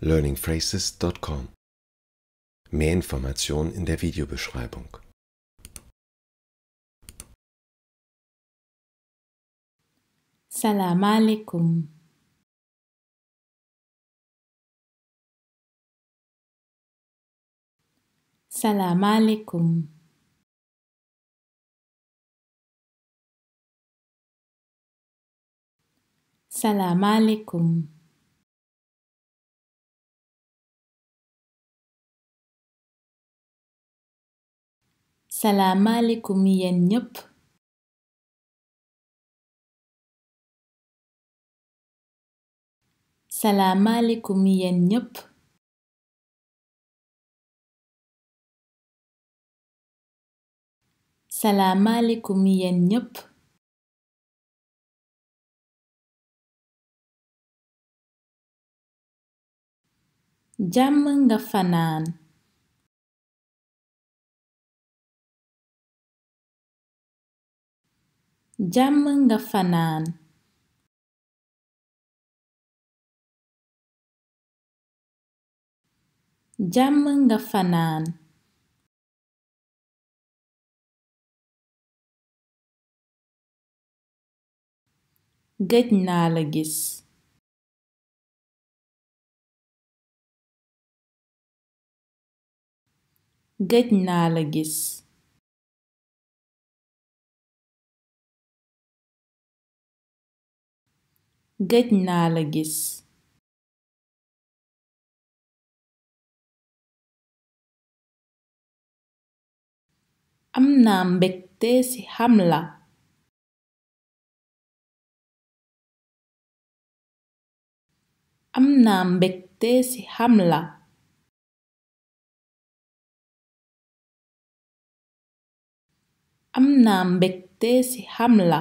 learningphrases.com. Mehr Informationen in der Videobeschreibung. Salam salaamaaleykum yéen ñëpp salaamaaleykum yéen ñëpp salaamaaleykum ñëpp jàmm nga fanaan jàmm nga fanaan jàmm nga fanaan gëj naa la gis gëj naa la gis gëj naa la gis am naa mbégte ci xam la am naa mbégte ci xam la am naa mbégte ci xam la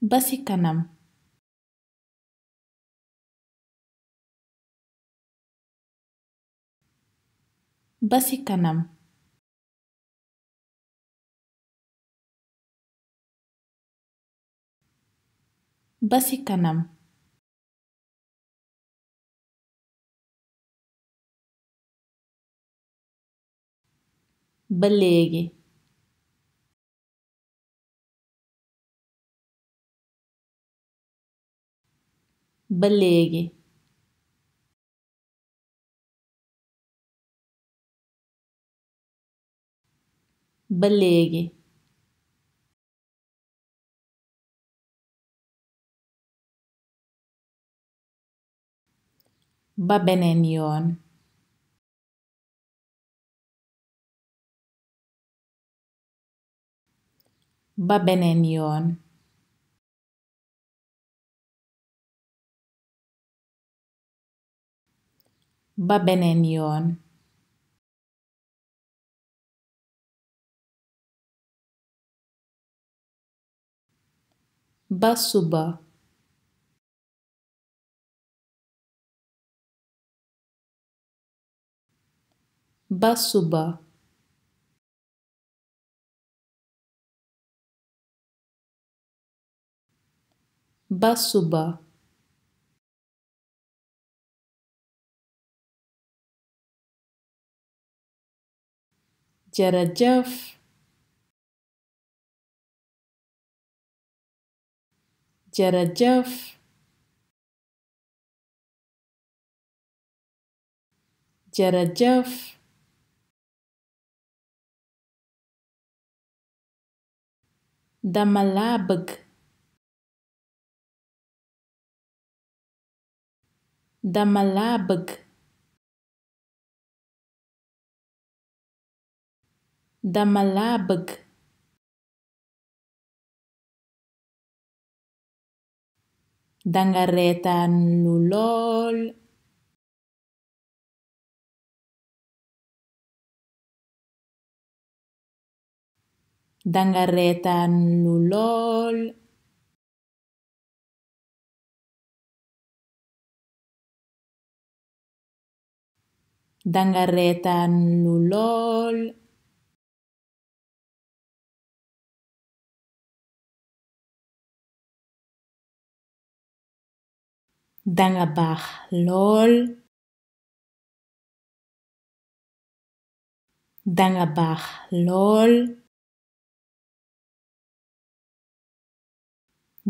ba ci kanam ba ci kanam ba kanam ba léegi ba léegi ba léegi ba beneen yoon ba beneen yoon Ba beneen yoon. Ba suba. Ba Ba suba. jërëjëf jërëjëf jërëjëf dama laa bëgg dama laa dama laa bëgg danga reetaan lu lool danga danga baax lool danga baax lool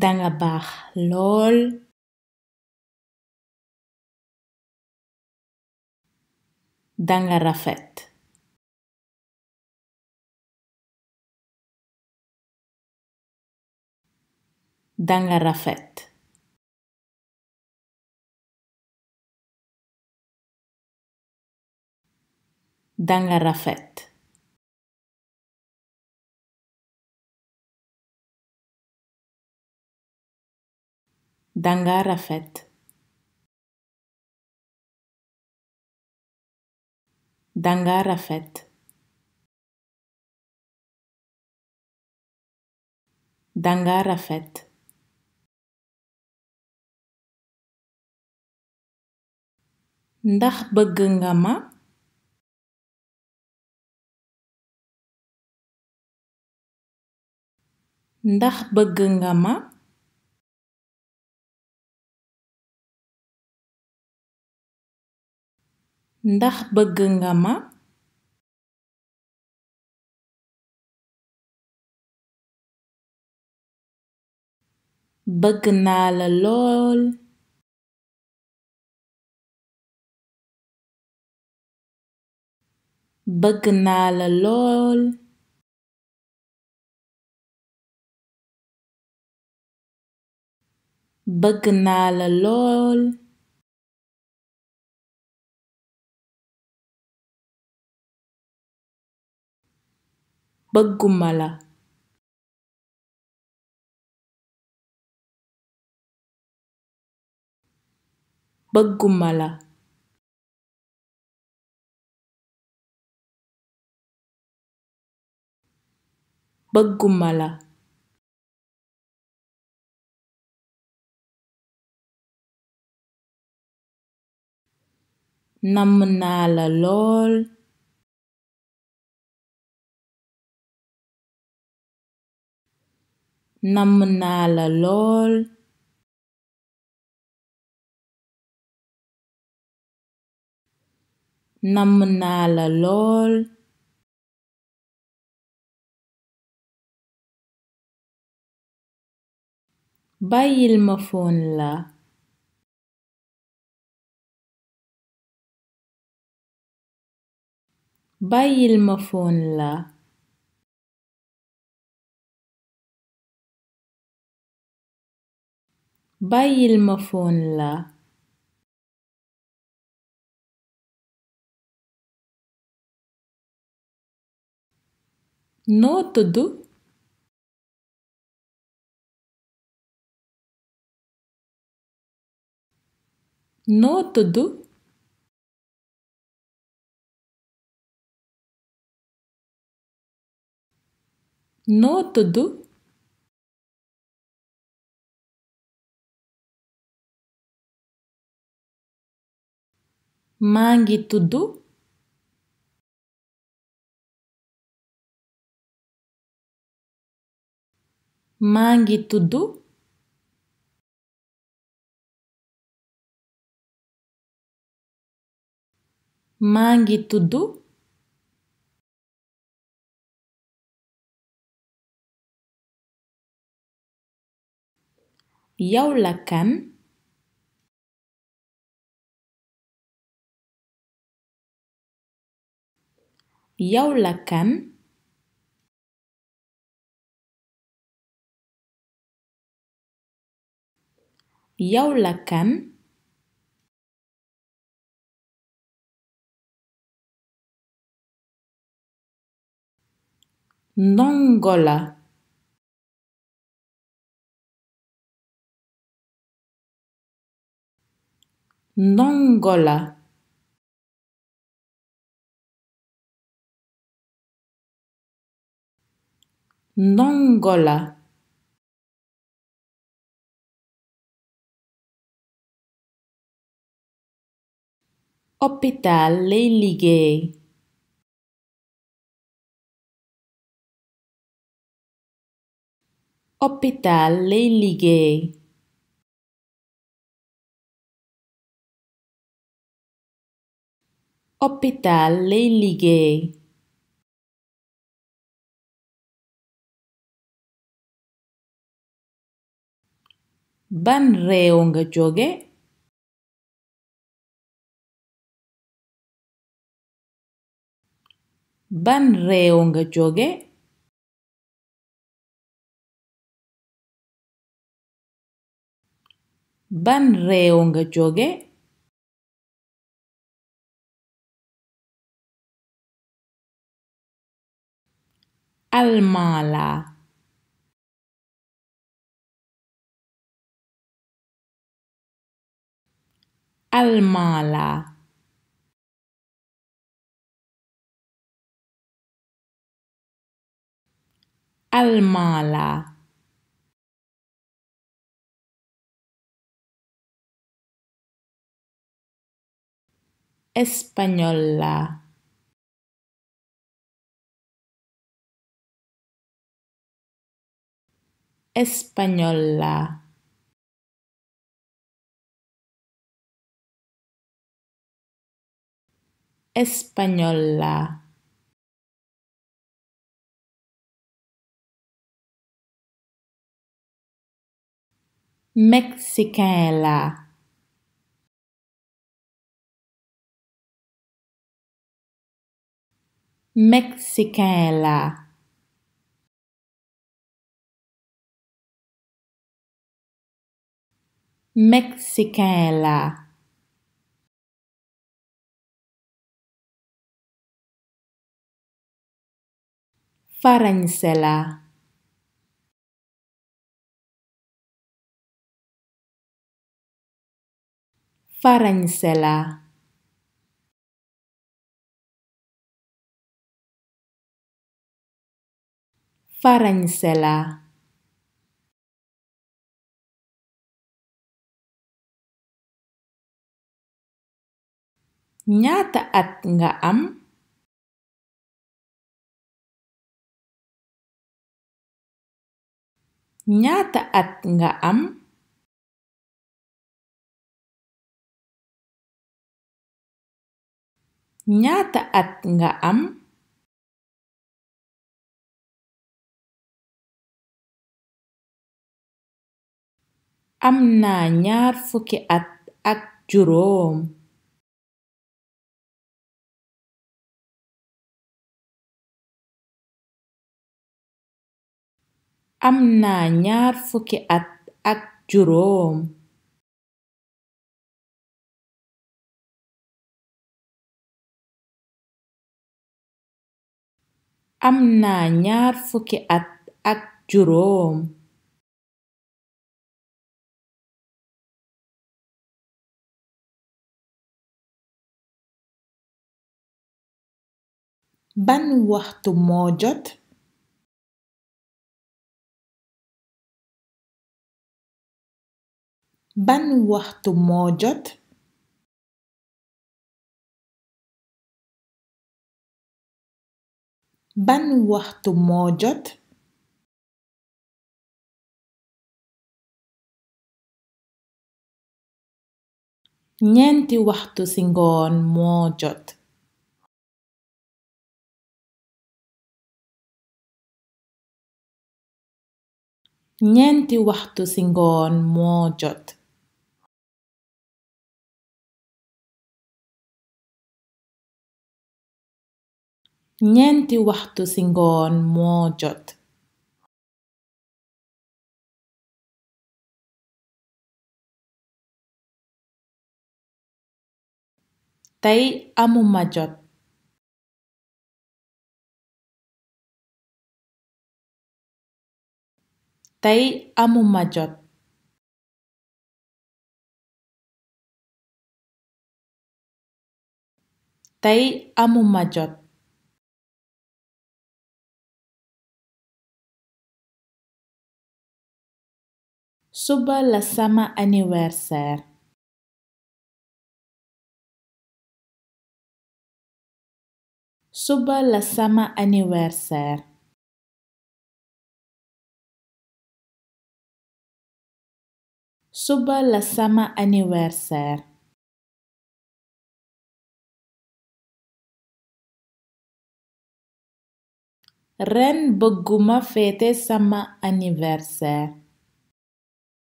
danga baax lool danga rafet danga rafet danga la rafette. Dans danga rafette. Dans la ndax bëgg nga ma ndax bëgg nga ma ndax bëgg nga ma bëgg naa la lool bëgg naa la lool bëgg naa lool bëgguma la bëgguma namm naa la lool namm naa la lool namm naa la lool bàyyil ma foon la Bàyyil ma fóon la Noo tudd Noo tudd noo tudd maa ngi tudd maa ngi tudd maa ngi Yaw la kan Yaw la kan Yaw la kan Ndongo la ndongo la ndongo la opitaal lay liggéey opitaal lay liggéey hôpital lay liggéey ban réew nga jóge ban réew nga jóge المال المال المال española espagnol laa espagnol laa mexicain mexicaine faranse la faranse la faranse la ñaata at nga am ñaata at nga am nga am na naa ñaar fukki at ak juróom am na ñaar fukki at ak juróom ñaar fukki at ak juróom ban waxtu moo jot ban waxtu moo jot ñeenti waxtu ci ngoon moo jot ñeenti waxtu ci ngoon moo jot ñeenti waxtu ci ngoon moo jot tey amuma jot tey amuma jot tey amuma jot suba la sama aniwerseer sama aniwerseer suba sama aniwerseer ren bëgguma féete sama aniwerseer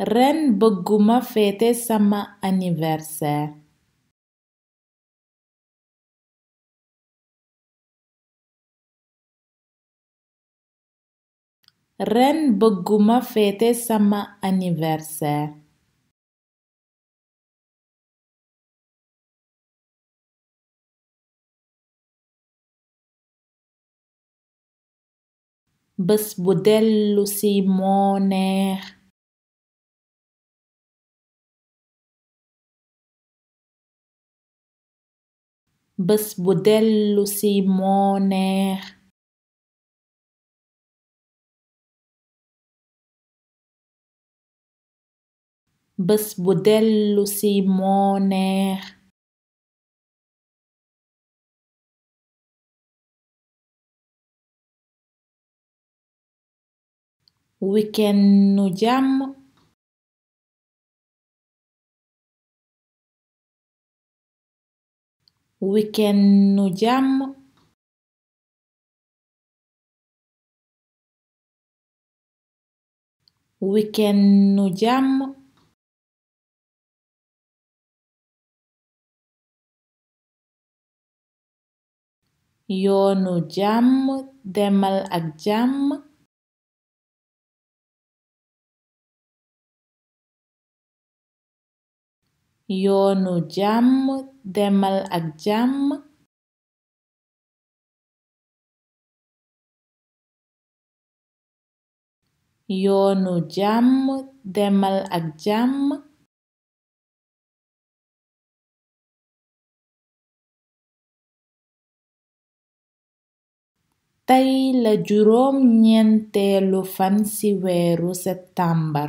ren bëgguma féete sama anniversaire bés bu dellusi moo neex bés bu dellu si moo neex wiken nu jàmm Weekend nu jàmm Weekend nu yoonu jàmm demal ak jàmm yoonu jàmm demal ak jàmm ak jàmm tey la juróom ñeenteelu fan ci weeru septambar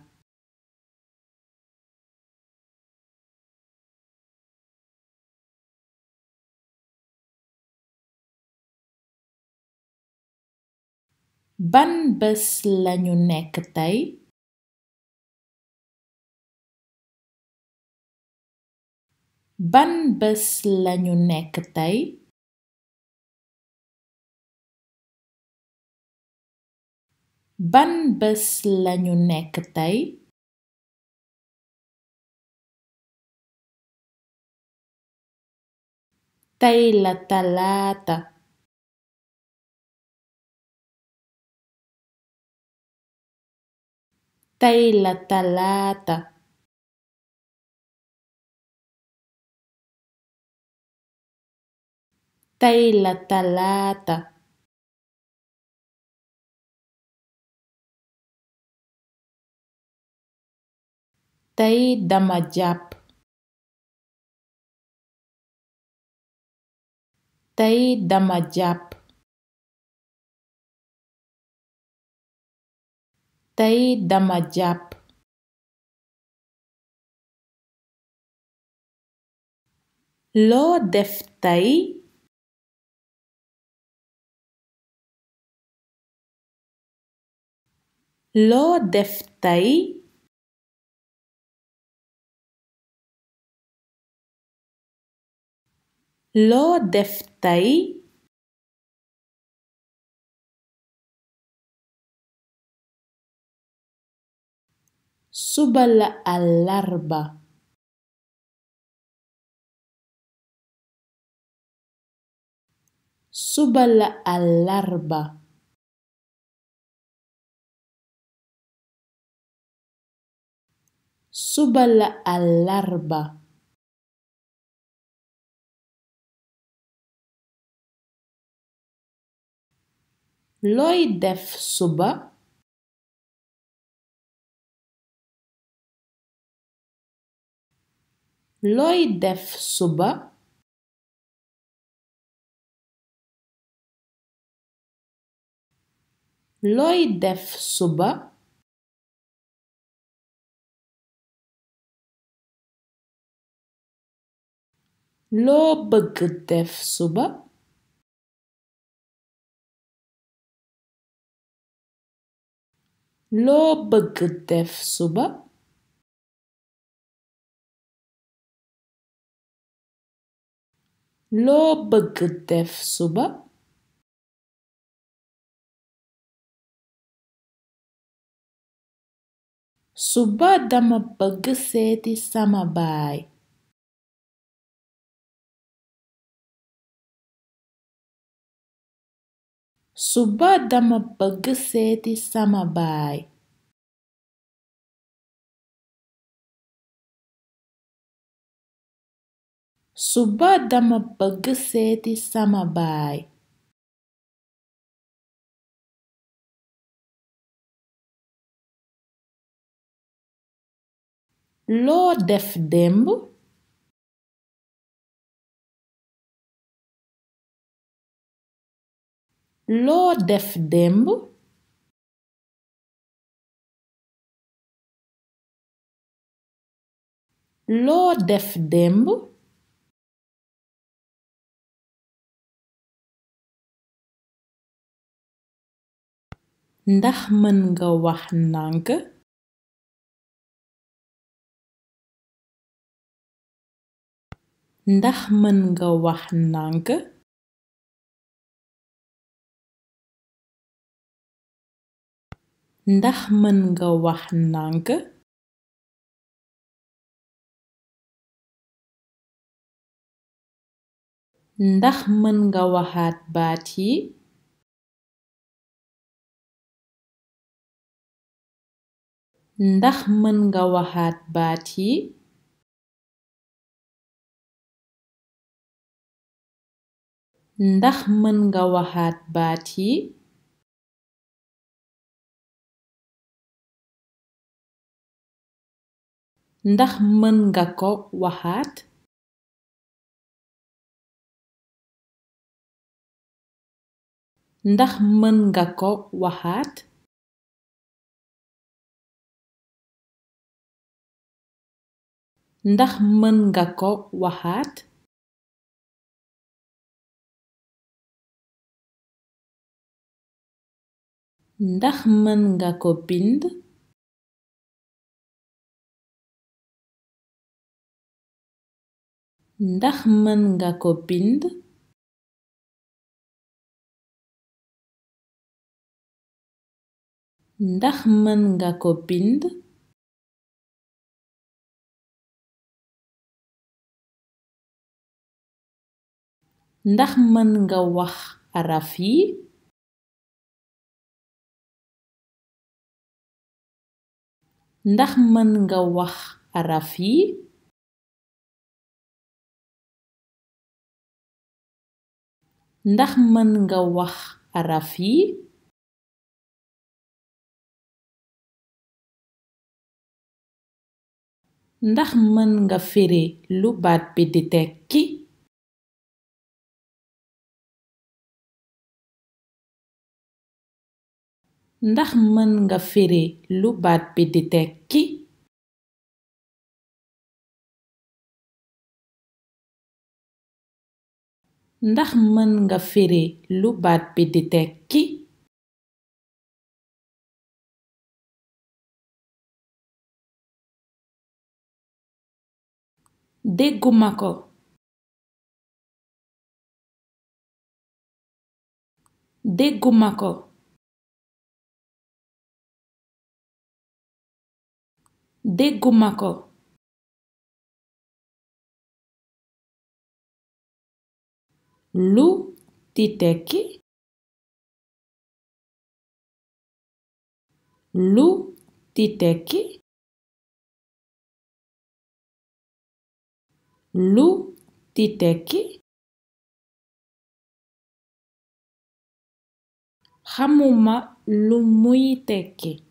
ban bés lañu nekk tey ban bés lañu nekk tey ban bés lañu nekk tey tey la talaata tey la talaata tey la talaata tey dama jàpp tey dama jàpp tey dama jàpp loo def tey loo def tey loo def tey Suba la Àllarba. Suba la Àllarba. Suba la Looy def suba? looy def suba looy def suba loo bëgg def suba suba loo bëgg def suba suba dama bëgg seeti sama baay sama baay suba dama bëgg seeti sama baay. loo def démb. loo def démb. ndax mën nga wax ndànk ndax mën nga wax ndànk ndax mën nga wax ndànk ndax mën nga waxaat baat yi ndax mën nga waxaat baat yi ndax mën nga waxaat baat yi ndax mën nga ko waxaat ndax mën nga ko waxaat ndax mën nga ko waxaat ndax mën nga ko bind ndax mën nga ko bind ndax mën nga wax araf yi ndax mën nga wax araf yi ndax mën nga wax araf yi ndax mën nga firi lu baat bi di tekki ndax mën nga firi lu baat bi di tekki ndax mën nga firi lu baat bi di tekki dégguma ko dégguma ko dégguma ko lu di tekki lu di tekki lu di tekki xamuma lu muy tekki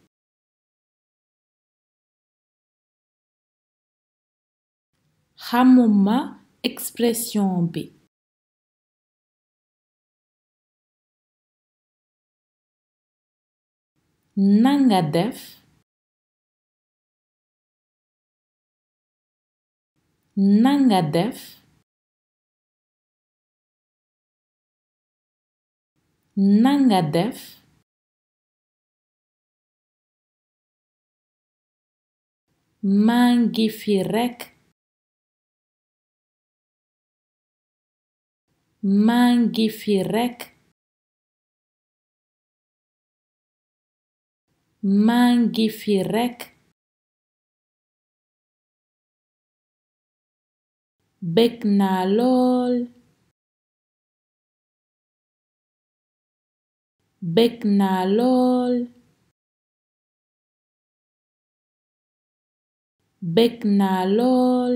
hamuma expression bi nanga def nanga def nanga def maa ngi fi rekk maa ngi fi rekk maa ngi naa lool bég naa lool bég naa lool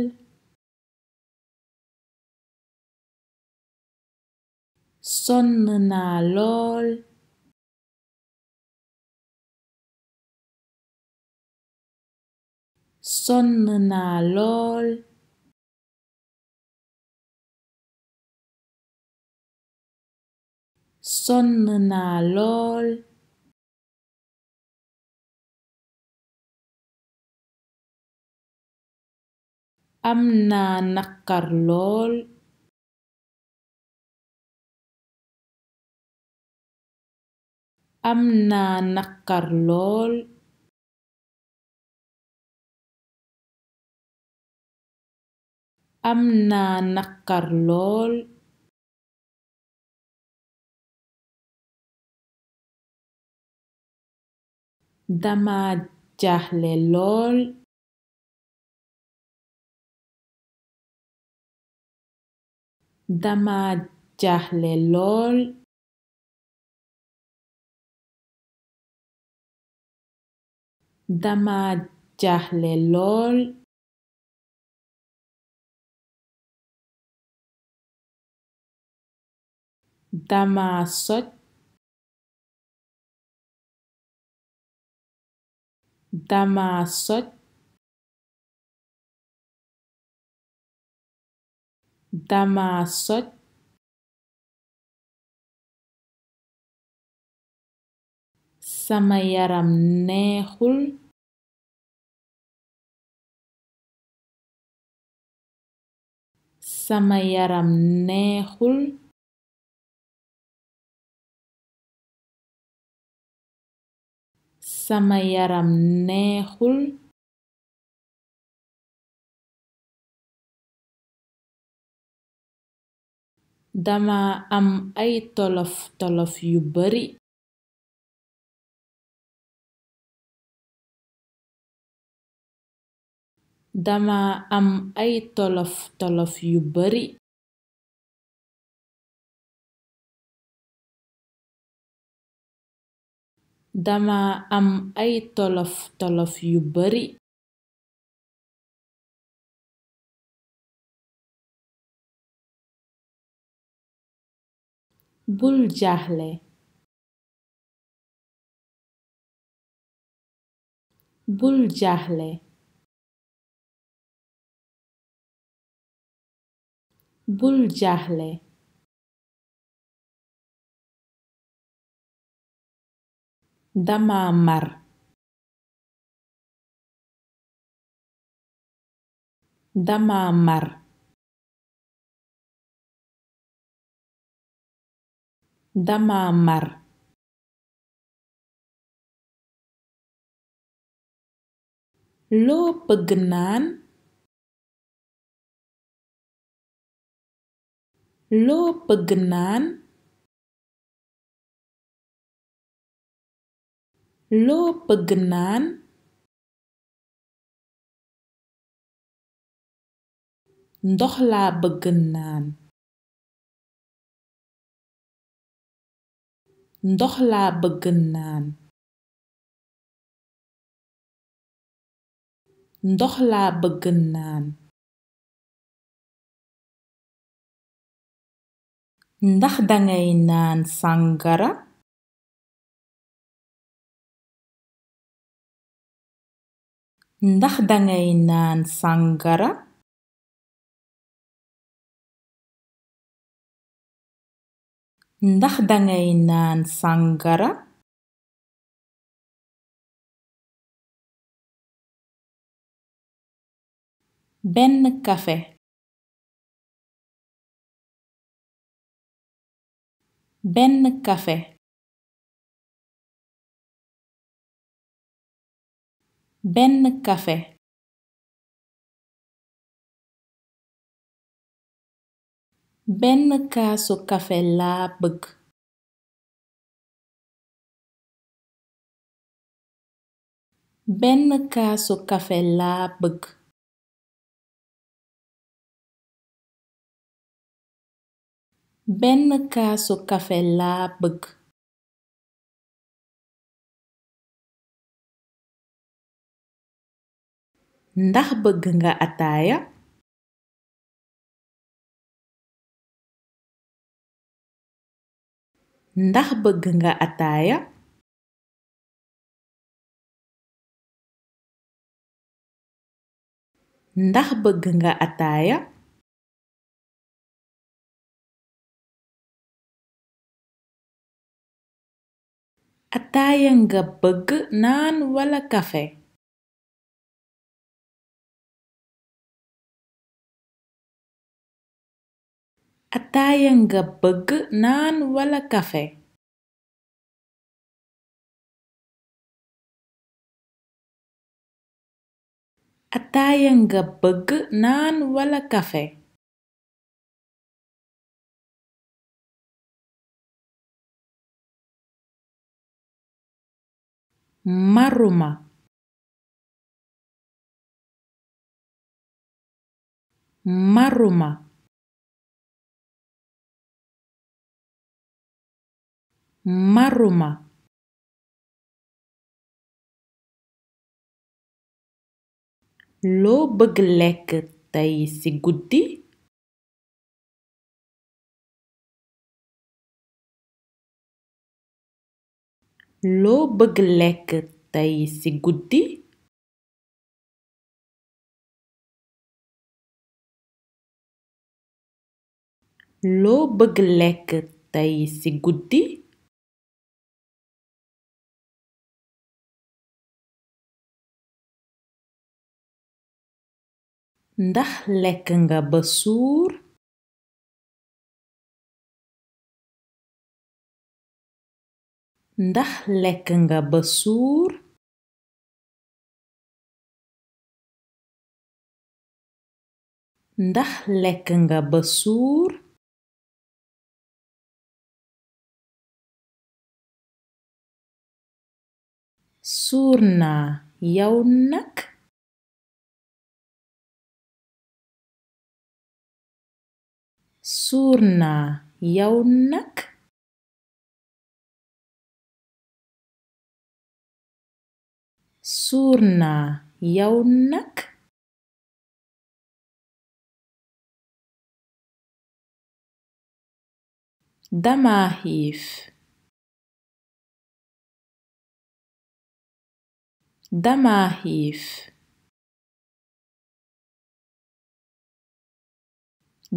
sonn naa lool sonn naa lool soon sonn naa lool am naa naqar lool am naa naqar am naa naqar lool dama jaaxle lool dama jaaxle lool dama jaaxle lool dama soj dama soj dama soj sama yaram neexul sama yaram neexul sama yaram neexul dama am ay tolof tolof yu bari dama am ay tolof tolof yu bari am ay tolof tolof yu bari bul jaaxle bul jaaxle bul jaaxle dama mar dama mar dama mar loo bëgg naan loo bëgg naan loo bëgg naan ndox laa bëgg naan ndox laa bëgg naan ndox laa bëgg naan ndax dangay naan sàngara ndax dangay naan sàngara ndax dangay naan sàngara benn kafe Benn kafe benn kaasu kafe laa bëgg. benn kaasu kafe laa bëgg. Benn kaasu kafe la bëgg. Ndax bëgg nga ataaya? Ndax bëgg nga ataaya? Ndax bëgg nga ataaya? ataaya nga bëgg naan wala kafe ataaya nga bëgg wala kafe Maruma Maruma loo bëgg lekk tey ci guddi loo bëgg lekk tey ci guddi ci guddi ndax lekk nga ba suur ndax lekk nga ba suur ndax lekk nga ba suur suur naa yow nag suur naa yow nag suur naa yow nag dama xiif dama xiif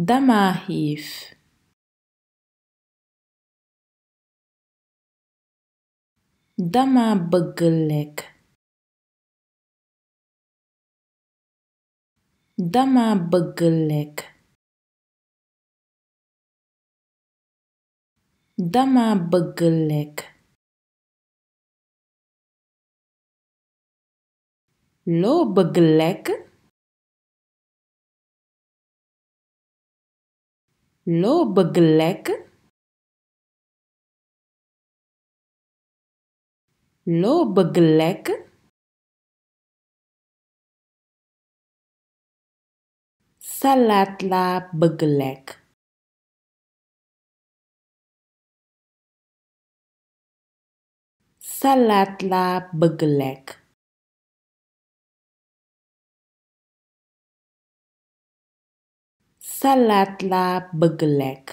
dama xiif dama bëgg lekk Dama bëgg lekk dama bëgg lekk loo bëgg lekk loo bëgg lekk loo bëgg lekk salaat laa bëgg lekk salaat laa bëgg lekk salaat bëgg lekk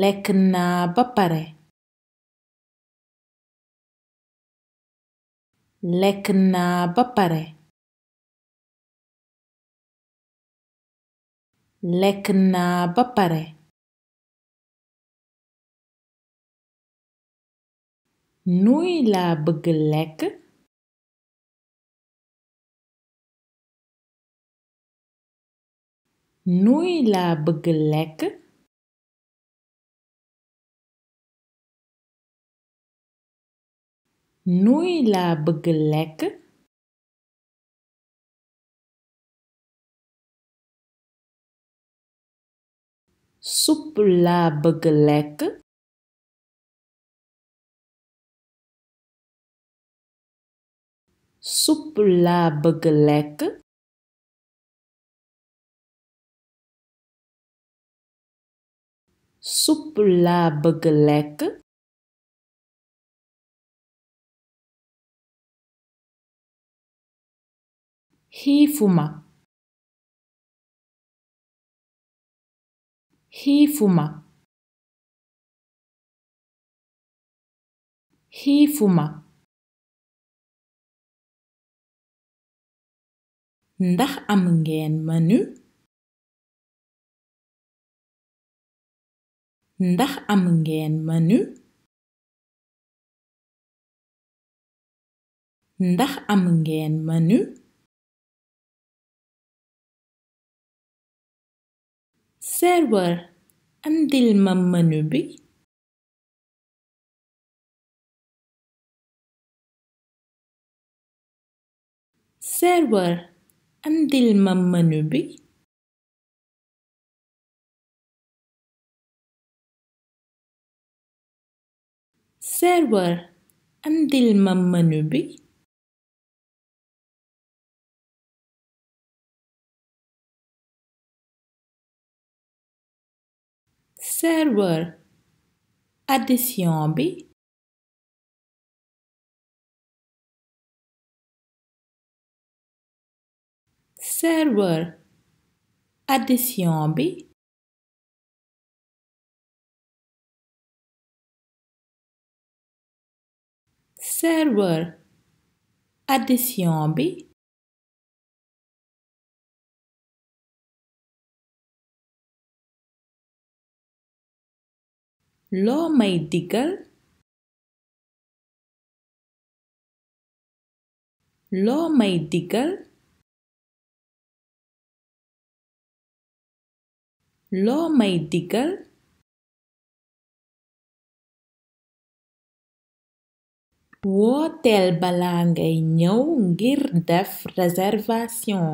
lekk naa ba pare Lekk naa ba pare. Lekk naa ba pare. Nuy laa bëgg lekk. Nuy laa bëgg lekk. nuy laa bëgg lekk supp laa bëgg lekk supp lekk Hifuma Hifuma Hifuma Ndax am ngeen Ndax am ngeen menu Ndax am ngeen menu serveur andil ma menu bi serveur andil ma menu bi serveur andil ma menu bi serveur addition bi serveur addition bi serveur addition bi loo may diggal loo may diggal loo bala ngay ñëw ngir def réservation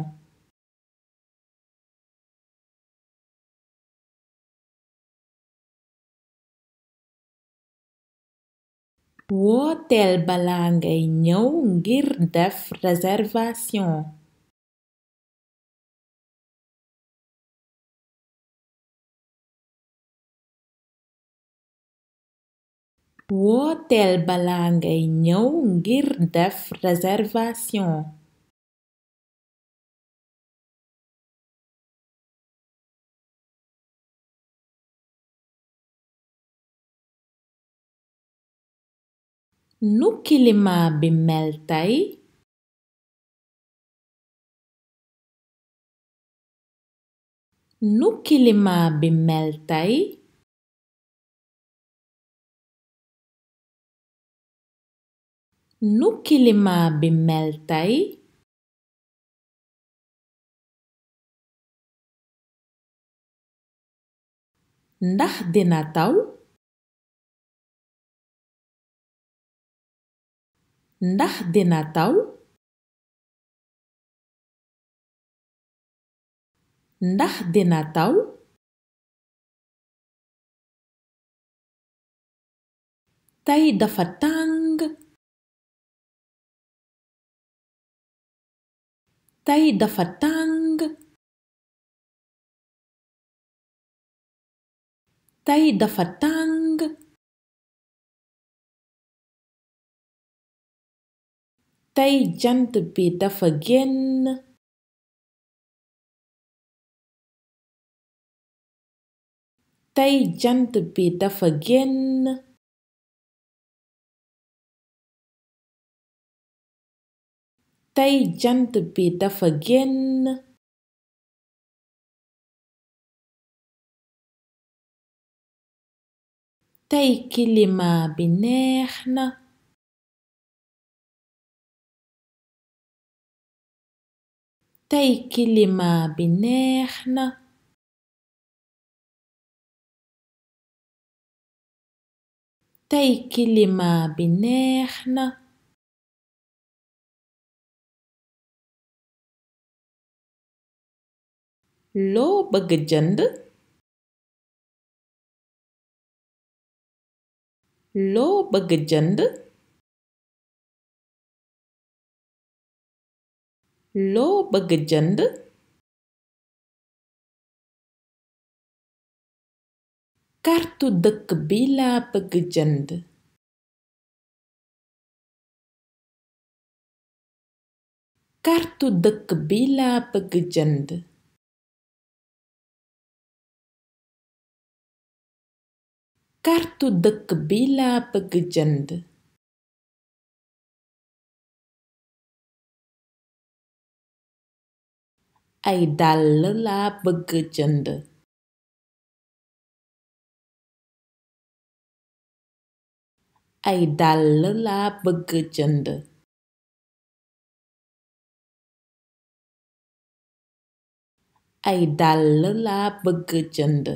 wooteel bala ngay ñëw ngir def reservation wooteel ngay ñëw ngir def réservation nu kilimaa bi mel tey nu kilimaa bi mel tey ndax dina taw ndax dina taw ndax dina taw tey dafa tàng tey dafa tàng tey dafa tàng tey jant bi dafa génn tey jant bi dafa génn tey kilimaa bi neex na Tey kilimaa bi neex na. Loo bëgg jënd? Loo bëgg jënd? loo bëgg jënd kartu dëkk bi laa bëgg jënd kartu dëkk bi laa bëgg kartu dëkk bi laa bëgg ay dàll la bëgg jënd ay dàll la bëgg jënd ay dàll la bëgg jënd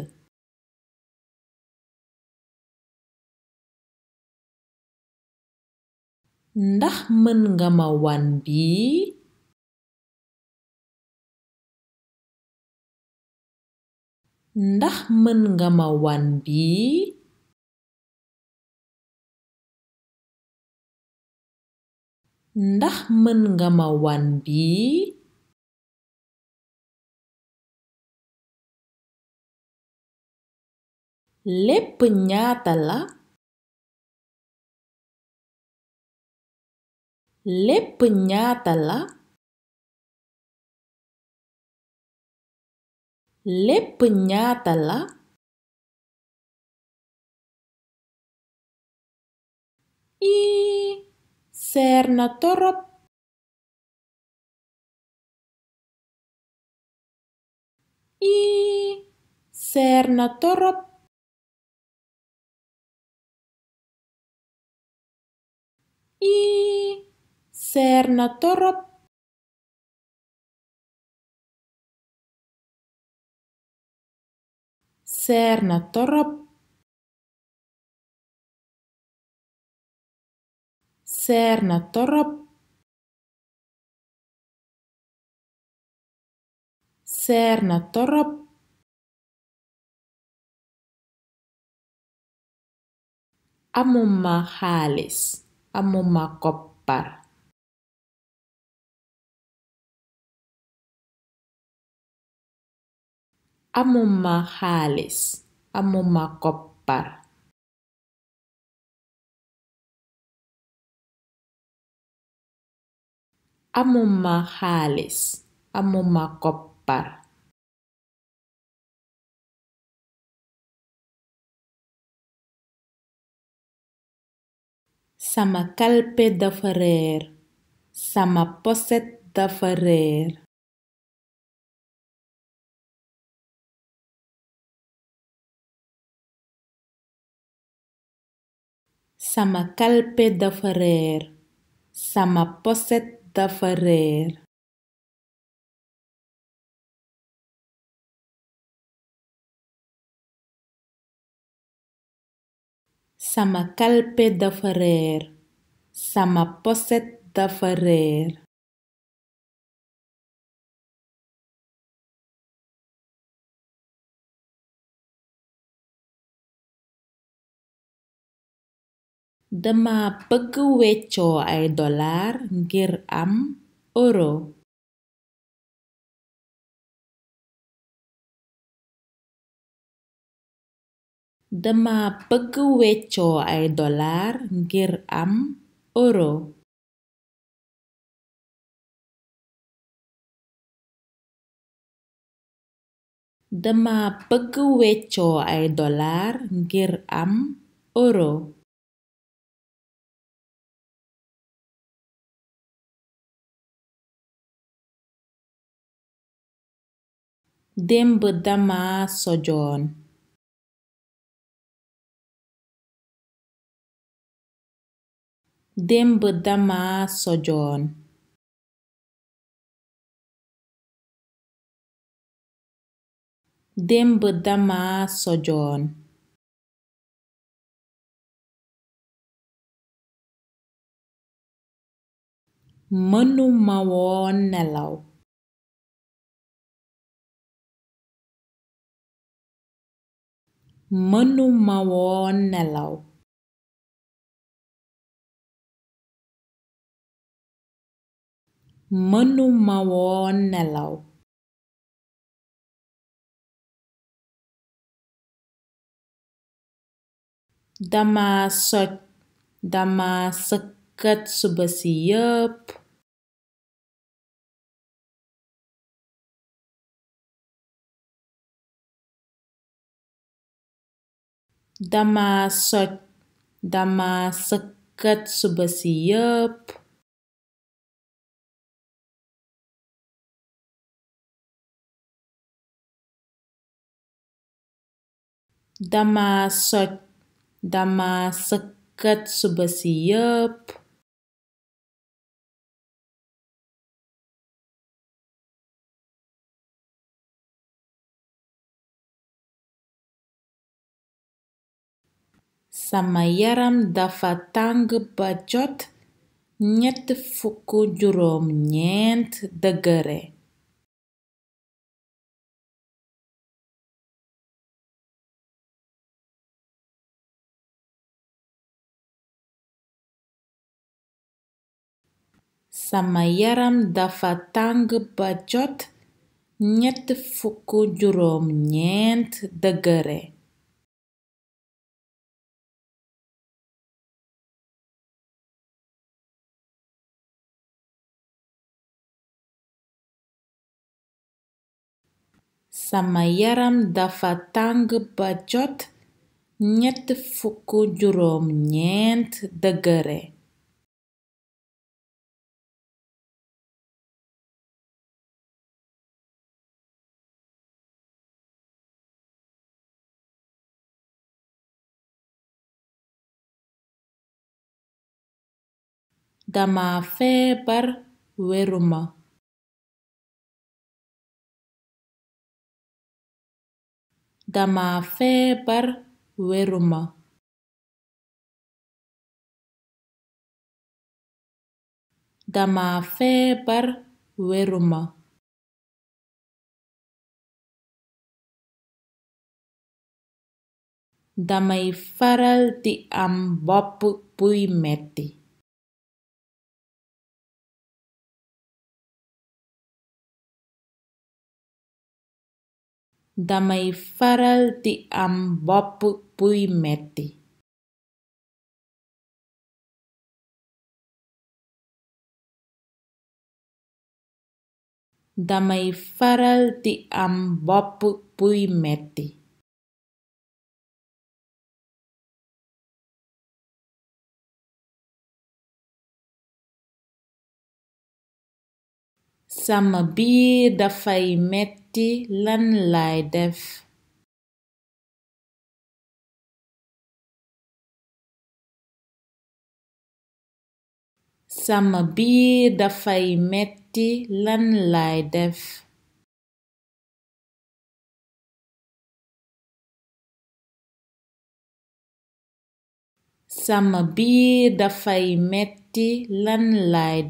ndax mën nga ma wan bii ndax mën nga ma wan ndax mën nga ma wan bii lépp ñaata la lépp ñaata la lépp ñaata la ii seer na torop ii seer na torop ii seer na torop seer na torop seer na torop seer na torop amuma xaalis amuma koppar amuma xaalis amuma koppar amuma sama kalpe dafa réer sama poset dafa reer sama kalpe dafa reer sama posset dafa reer sama kalpe dafa reer sama poset dafa reer dama bëgg ay dollar ngir am euro dama bëgg ay dollar ngir am euro dama bëgg weccoo ay dollar ngir am euro demb dama sojoon démb dama sojoon démb dama sojoon mënuma woon nelaw mënuma woon nelaw woon nelaw dama soj dama sëkkat suba si yépp dama soj dama sëkkat suba si dama soj dama sëkkat suba si sama yaram dafa tàng ba jot ñett fukk juróom ñeent dëgëre sama dëgëre sama yaram dafa tàng ba jot ñett fukk juróom ñeent dëgëre dama feebar weruma dama feebar weruma dama feebar weruma damay faral am bopp buy metti damay faral di am bopp buy metti sama biir dafay metti lan laay def sama biir dafay metti lan laay def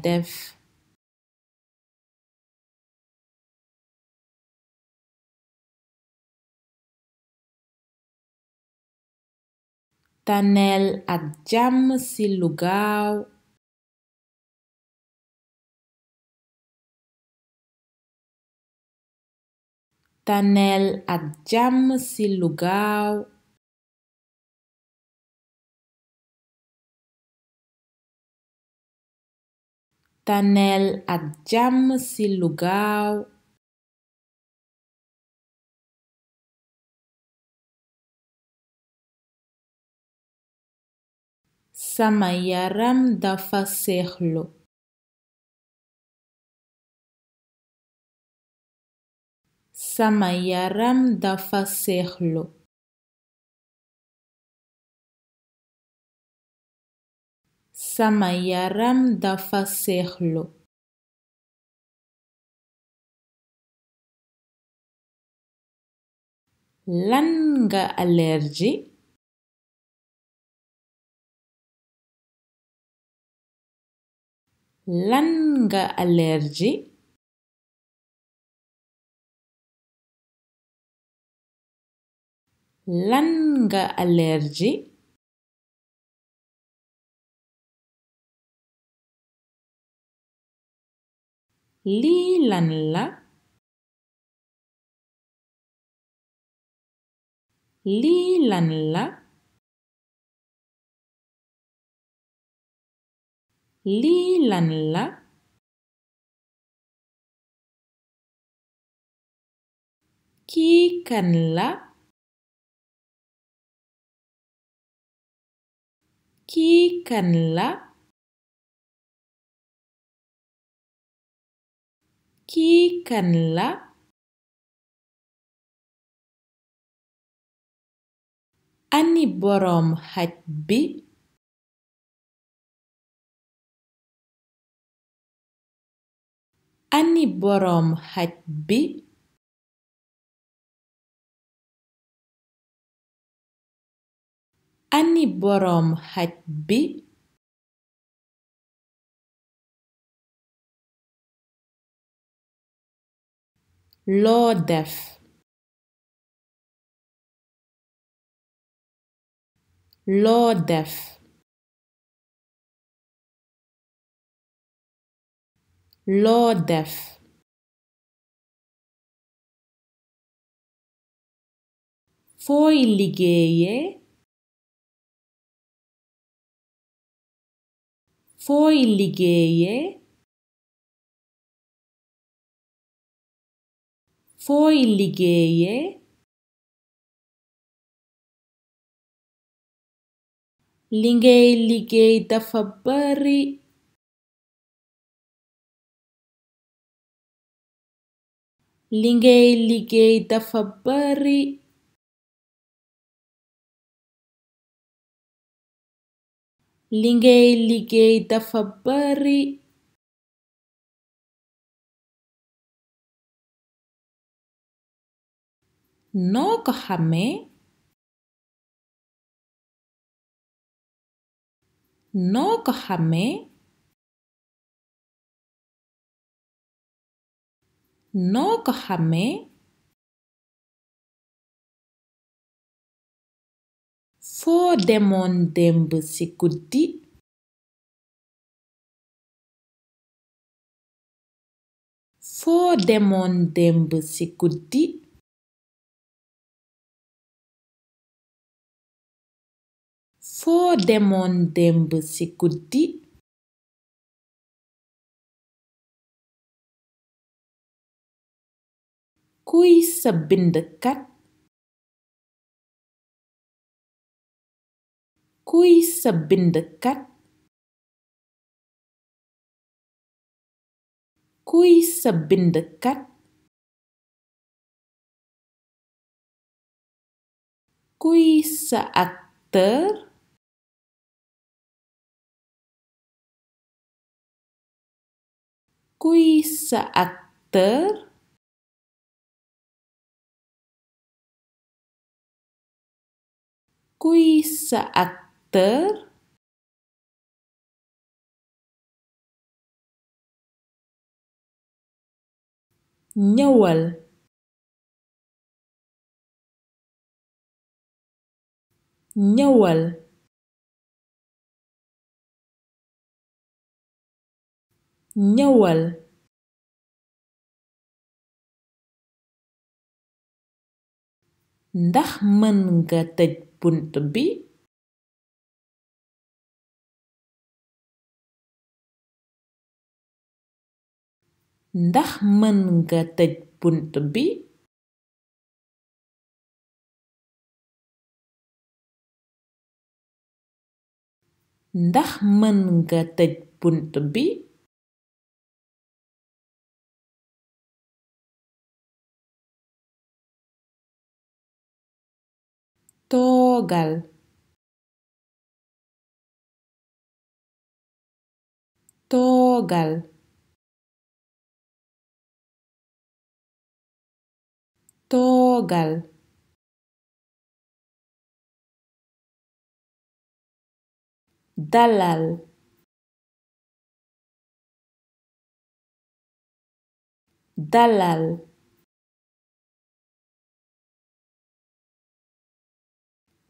def taneel ak jàmm ci lu gaaw taneel ak jàmm ci lu gaaw sama yaram dafa seexlu sama yaram dafa seexlu sama yaram dafa lan nga allergie lan nga allergie lan nga allergie lii lan la lii lan la lii lan la kii kan la kii kan la kii kan la ani boroom xaj bi ani boroom xaj bi loo def loo def loo def fooy liggéeyee fooy liggéeyee fooy liggéeyee li liggéey dafa bari li ngay liggéey dafa bari li liggéey dafa bari noo ko xamee noo noo ko xamee foo demoon démb ci guddi foo demoon démb ci guddi kuy sa bindkat kuy sa bindkat kuy sa bindkat kuy sa acteur kuy sa acteur كويسة أكتر ñëwal ñëwal ñëwal ndax mën nga tëj Bundesbi ndax mën nga tëj bunt bi ndax mën nga tëj bunt bi toogal toogal toogal dalal dalal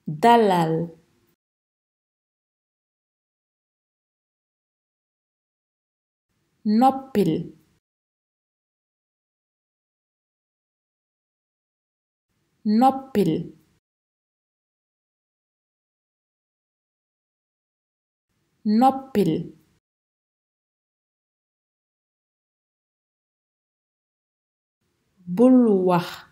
dalal noppil noppil noppil bul wax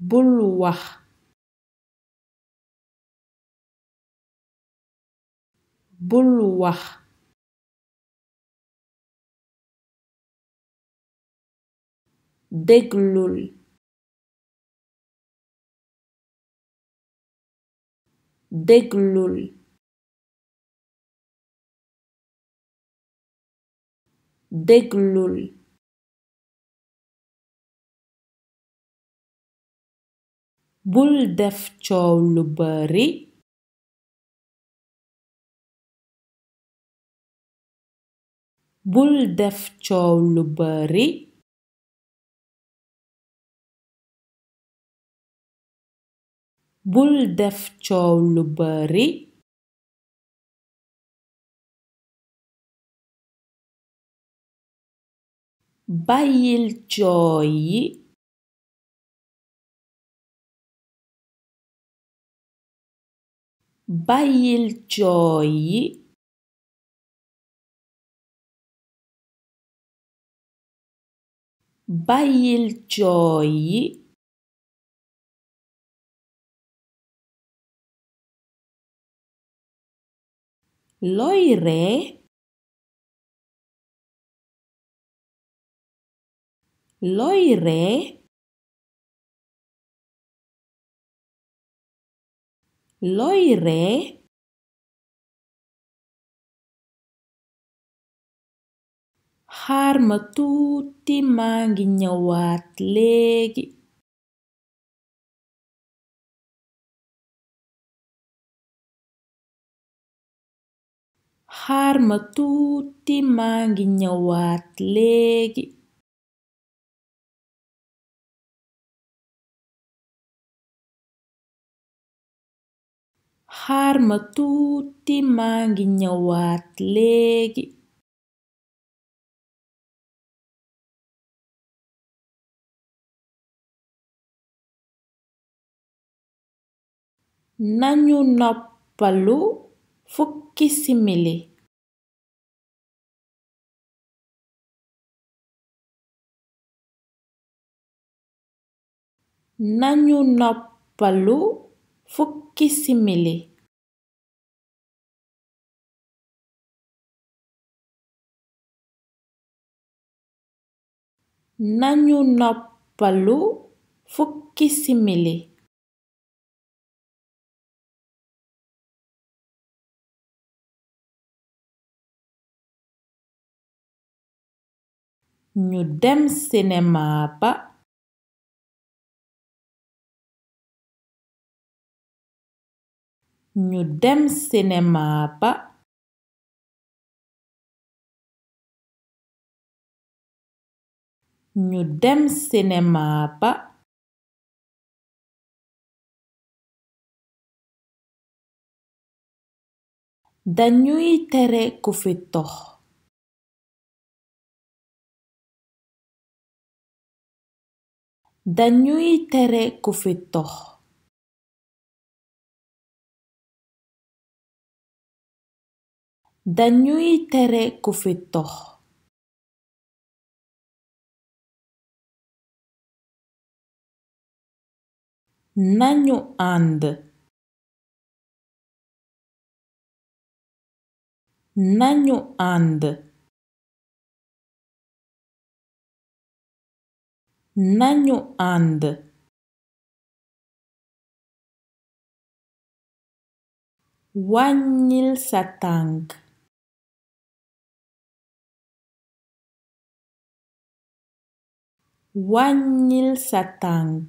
bul wax wax déglul déglul déglul bul def coow lu bari bul def coow lu bari bul bàyyil coow yi Bàyyil jooy yi Bàyyil jooy looy ree xaar ma maa ngi ñëwaat léegi xaar ma tuuti maa ngi ñëwaat léegi xaar ma tuuti maa ngi ñëwaat léegi nañu noppalu fukki simili nañu noppalu fukki simili nañu noppalu fukki simili ñu dem sinema ba ñu dem sinema ba ñu dem sinema ba dañuy tere ku fi tux dañuy tere ku fi tux dañuy tere ku fi tux nañu ànd nañu ànd and wa wàññil sa tànk wàññil sa tànk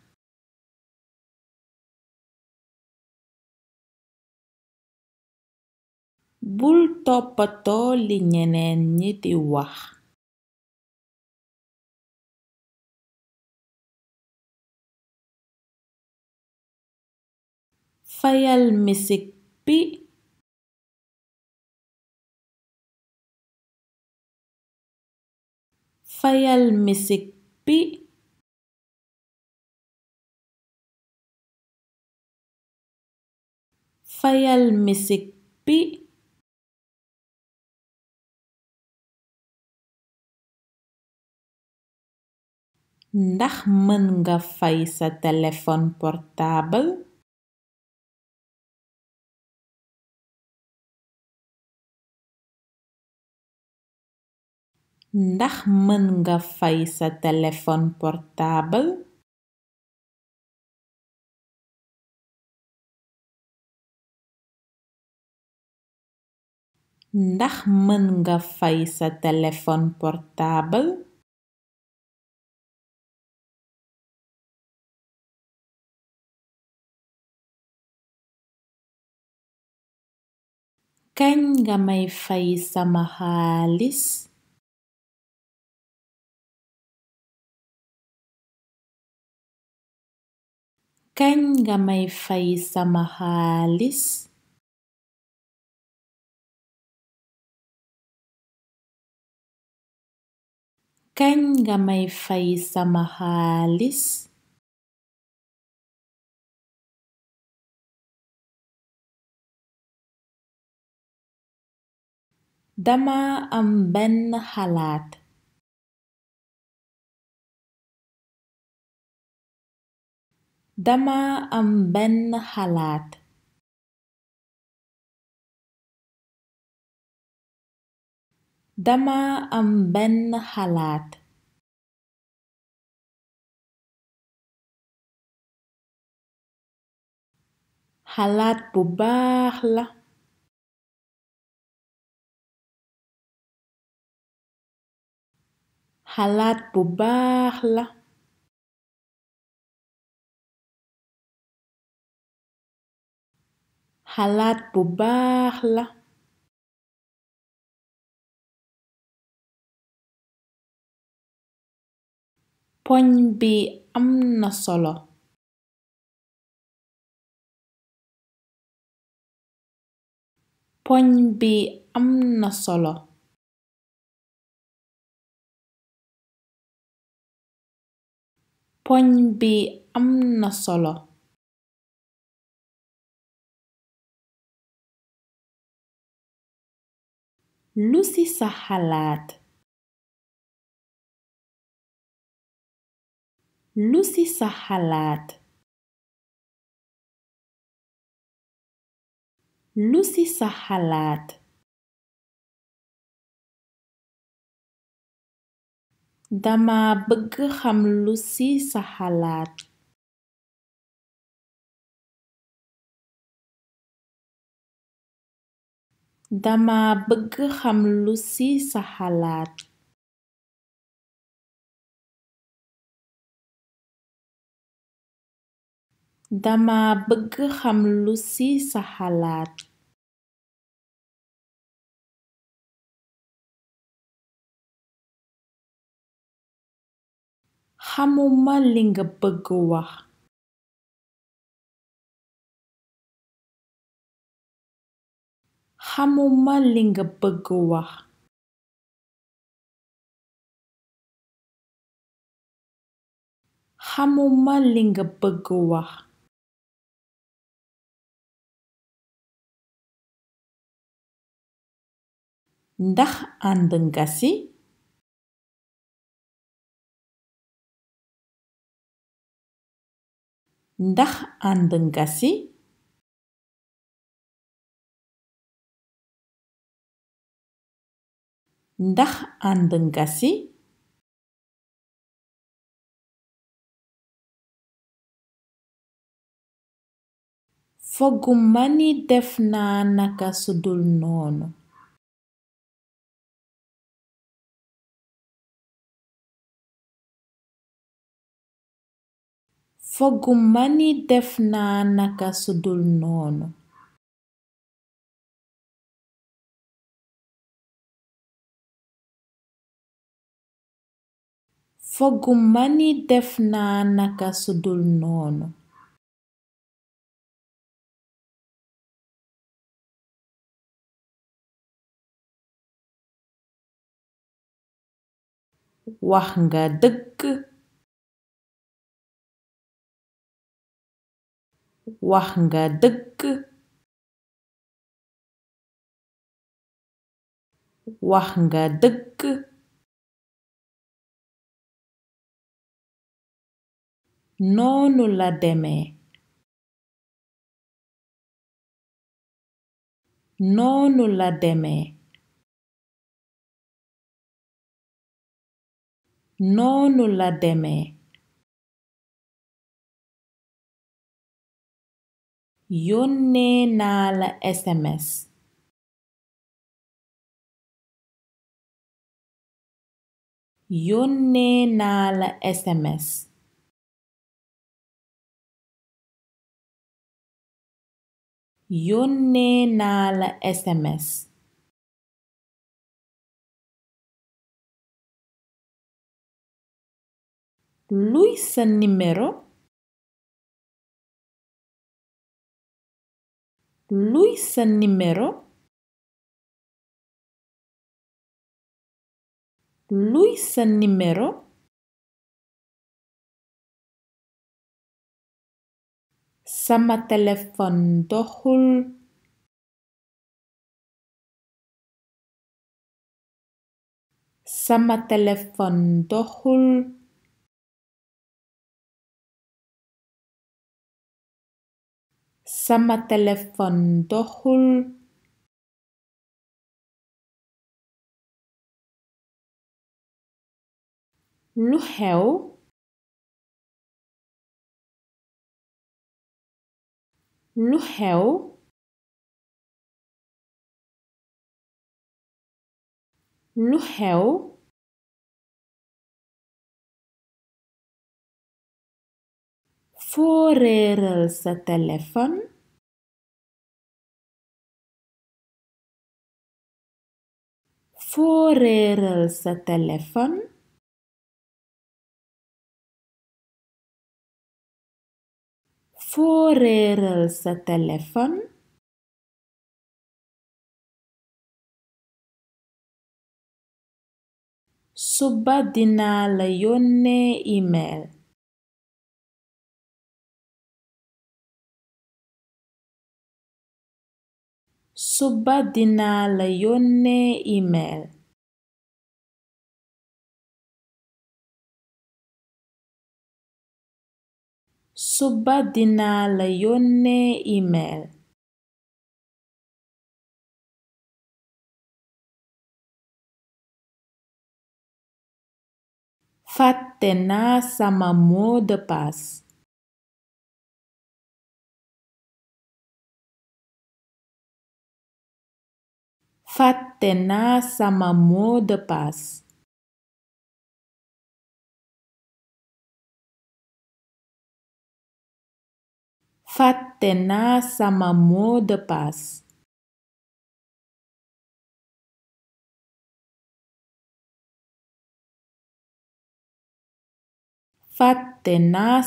bul toppatoo li ñeneen ñi di wax fayal misik bi Ndax mën nga fay sa telefon portaabal. Ndax mën nga fay sa telefon portaabal. Ndax mën nga fay sa telefon portaabal. kañ nga may fay sama xaalis kañ nga may fay sama xaalis dama am benn xalaat dama am benn xalaat dama am benn xalaat xalaat bu baax la xalaat bu baax la xalaat bu baax la poñ bi am na solo poñ bi am na solo Poñ bii am na solo. Lu ci sa xalaat? Lu sa xalaat? dama bëgg xam lu ci sa xalaat. dama bëgg xam lu ci sa xalaat. xamuma li nga bëgg wax xamuma wax ndax ànd nga ci ndax ànd nga si ndax ànd nga si fogguma ni def naa naka sudul noonu fogu ma ni def naa naka sudul noonu fogu ma wax nga dëgg wax nga dëgg wax nga dëgg noonu la demee noonu la demee noonu la demee yónnee naa la sms yónnee naa la sms yónnee naa luy sa numéro luy sa numéro luy sama téléphone doxul sama téléphone doxul sama téléphone doxul lu xew lu xew lu foo réeral sa téléphone foo réeral sa téléphone suba dinaa la yónnee email Suba dinaa la yónnee email. Suba dinaa la Fàtte naa sama mot de passe. fàtte naa sama mot de passe fàtte naa sama de passe fàtte naa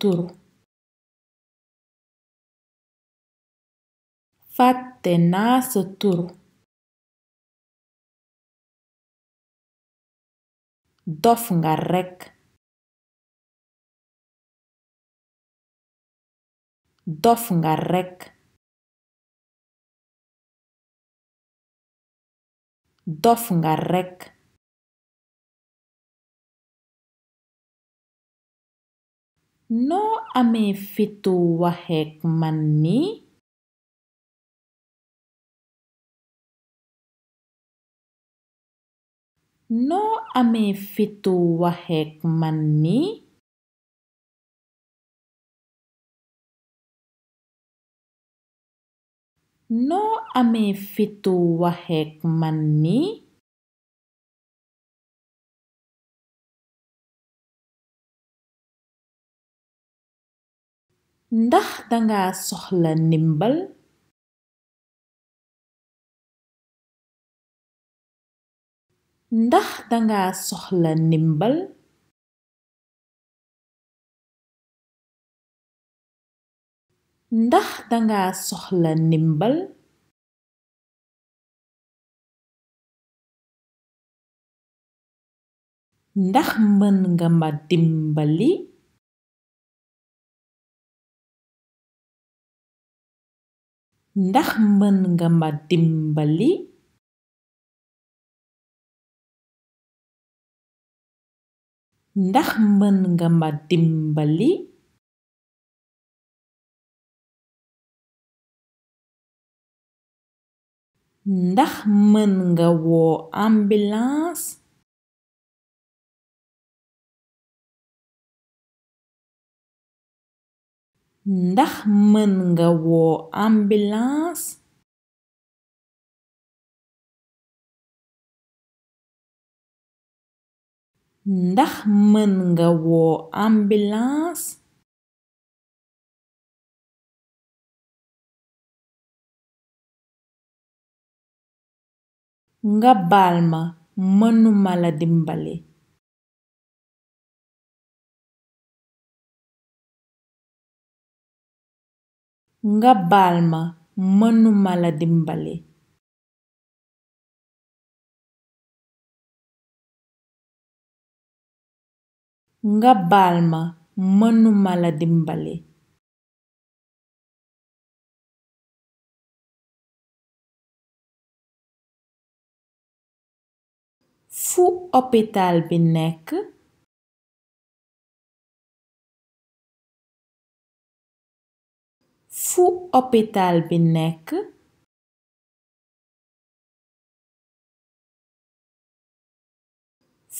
tur fàtte naa sa tur dof nga rekk dof nga rekk dof nga rekk noo amee fitu waxeek man mi noo amee fitu waxeek man nii noo amee fitu waxeek man nii ndax danga soxla ndimbal ndax danga soxla ndimbal ndax danga soxla ndimbal ndax mën nga ma dimbali ndax mën nga ma dimbali ndax mën nga ma dimbali ndax mën nga woo ambulance ndax mën nga woo ambulance ndax mën nga woo ambulance nga baal ma mënuma la dimbali nga baal ma mënuma la dimbali nga baal ma mënuma la dimbali fu opitaal bi nekk fu opitaal bi nekk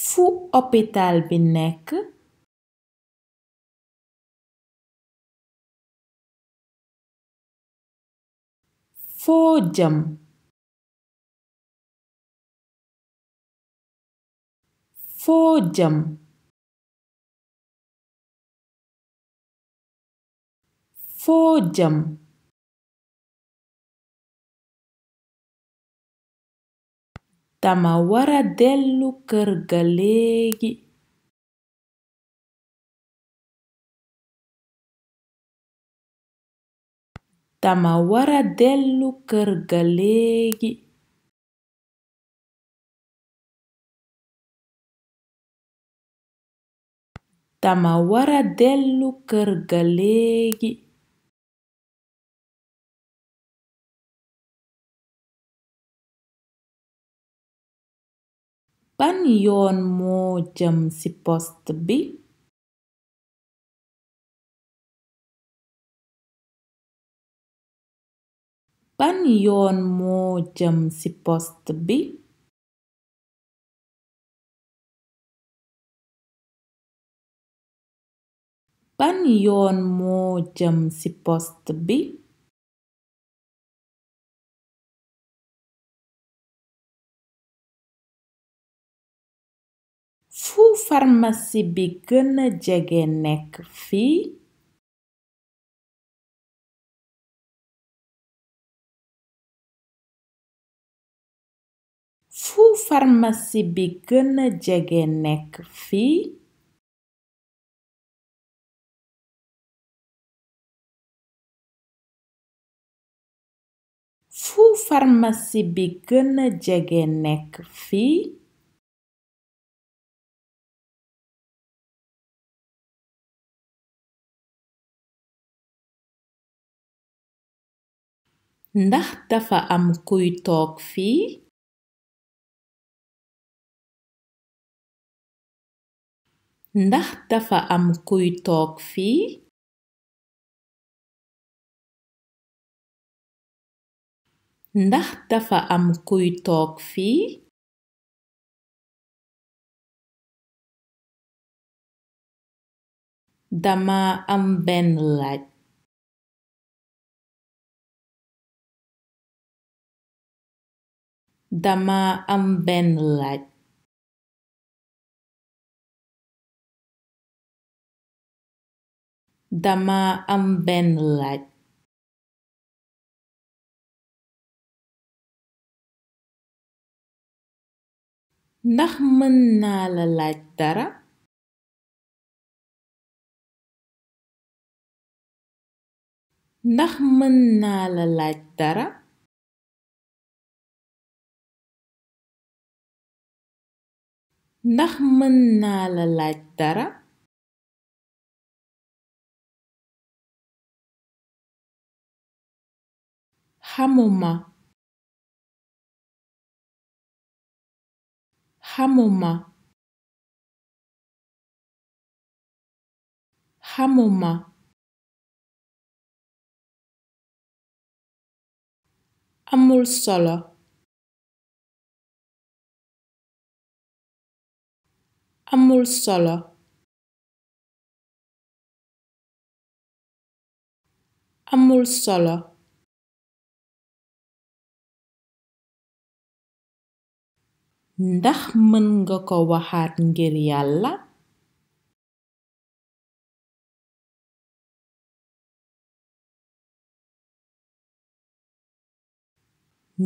fu opitaal bi nekk foo jëm foo jëm foo jëm dama wara dellu kër ga léegi. wara dellu kër ga léegi. dama ban yoon moo jëm ci poste yoon moo jëm ci poste bi fu pharmacie bi gëna jege nekk fii fu pharmacie bi gëna jege nekk fii fu pharmacie bi gëna jege nekk fii ndax dafa am kuy toog fii ndax dafa am kuy toog fii ndax dafa am kuy toog fii dama am benn laaj dama am benn l'all. Demà ndax mën naa la laaj dara ndax mën naa la laaj dara ndax mën naa la laaj dara xamuma xamuma xamuma amul solo amul solo ndax mën nga ko waxaat ngir yàlla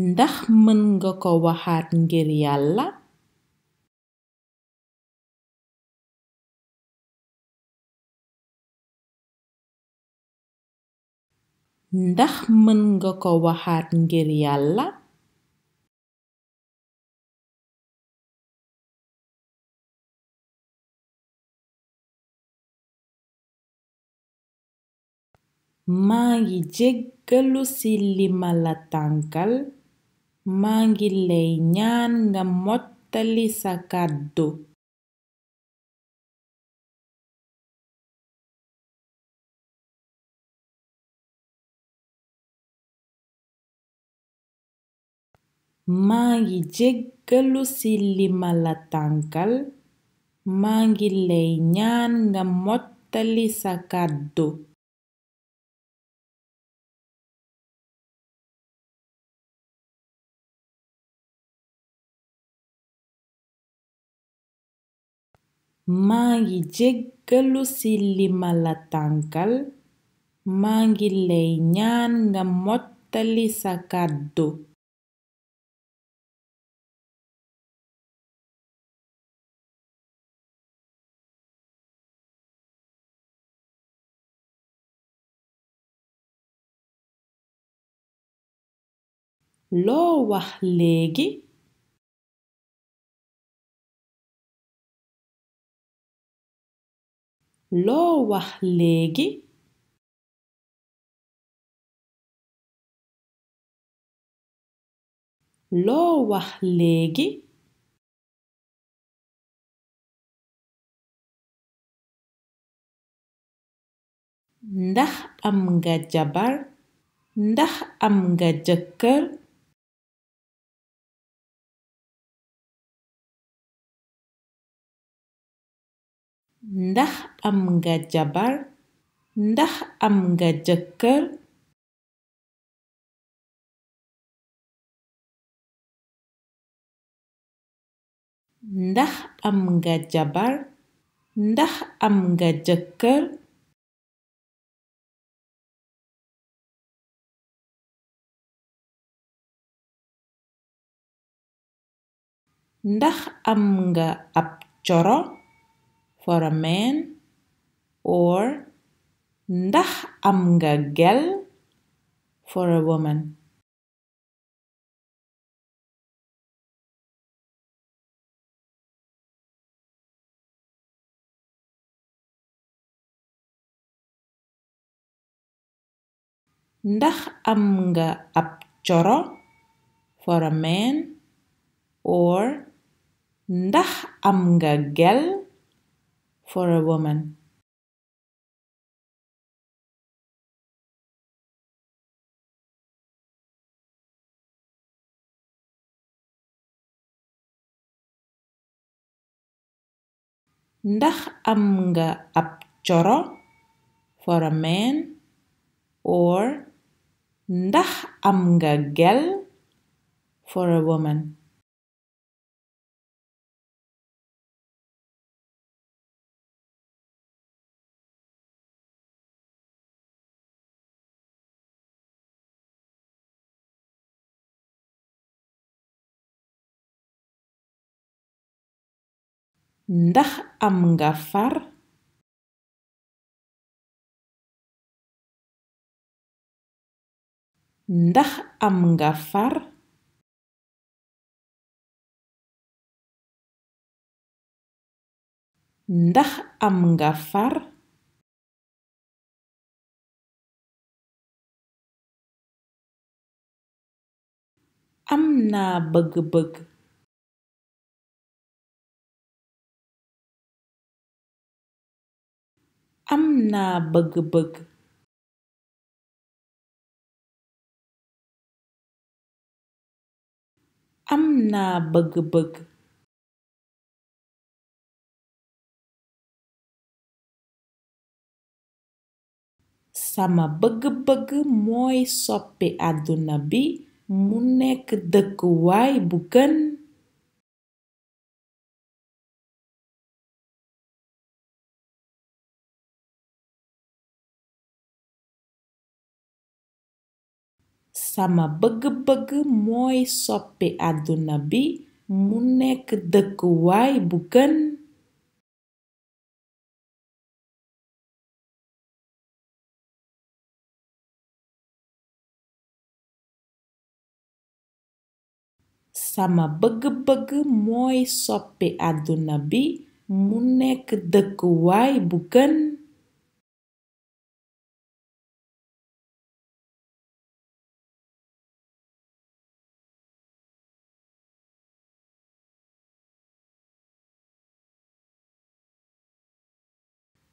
ndax mën nga ko waxaat ngir yàlla ndax mën nga ko waxaat ngir yàlla maa ngi jéggalu ci li ma la tànkal maa ngi lay ñaan nga mottali sa kàddu maa ngi jéggalu ci li ma la tànkal maa ci li ma la tànkal maa ngi lay ñaan nga mottali sa kàddu loo wax léegi loo wax léegi loo wax léegi ndax am nga jabar ndax am nga jëkkër ndax am nga jabar ndax am nga jëkkër ndax am nga jabar ndax am nga jëkkër ndax am nga ab coro for ndax am nga gel ndax am nga ab coro for a ndax am nga gel for Ndax am nga ab coro for a man or ndax am nga gel for a woman. ndax am nga far ndax am nga far ndax am nga far am naa bëgg-bëgg am naa bëgg-bëgg bëgg sama bëgg-bëgg mooy soppi àdduna bi mu nekk dëkkuwaay bu gën sama bëgg-bëgg mooy soppi àdduna bi mu nekk dëkkuwaay bu sama bëgg-bëgg mooy soppi àdduna bi mu nekk dëkkuwaay bu gën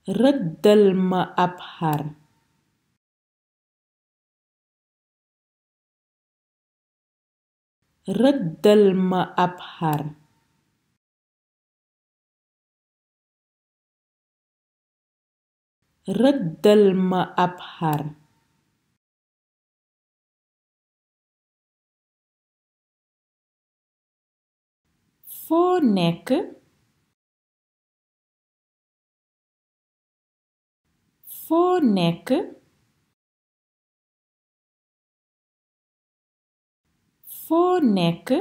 rëddal ma ab xar rëddal ma ab foo nekk foo nekk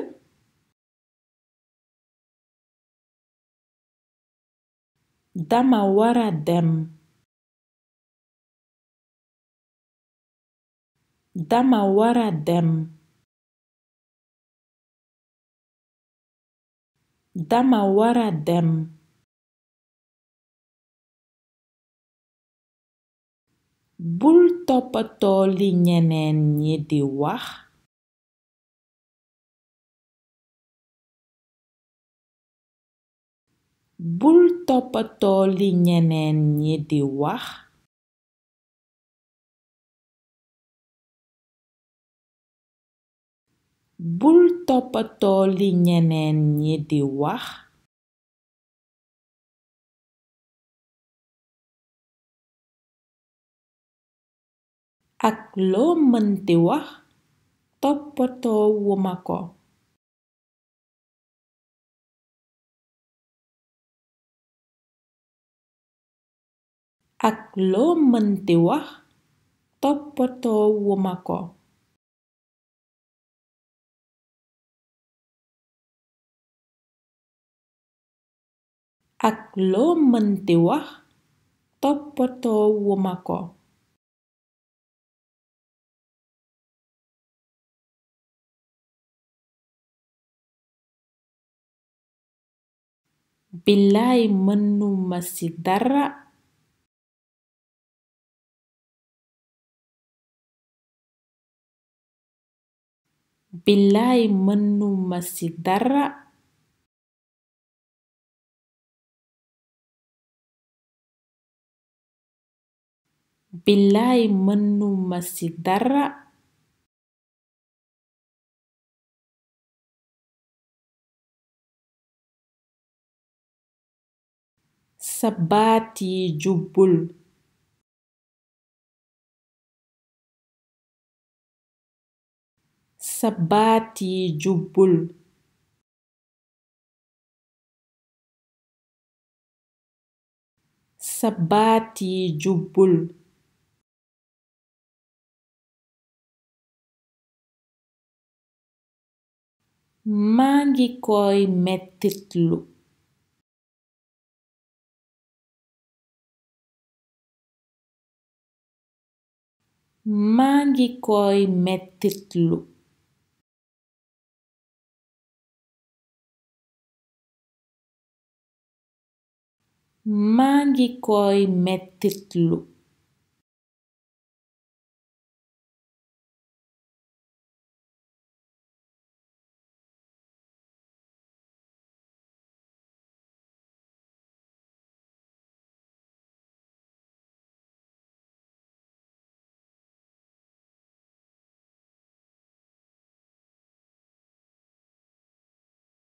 dama wara dem dama wara dem dama wara dem bul toppatoo li ñeneen ñi di wax bul toppatoo li ñeneen ñi di wax ak loo mënti wax toppatoo wuma ak loo mënti wax toppatoo wuma ko ko Billaay mënuma ci dara billaay mënuma ci dara ci dara sa baat yi jubbul. sa baat yi jubbul. sa jubbul. maa ngi koy mettitlu maa ngi koy mettitlu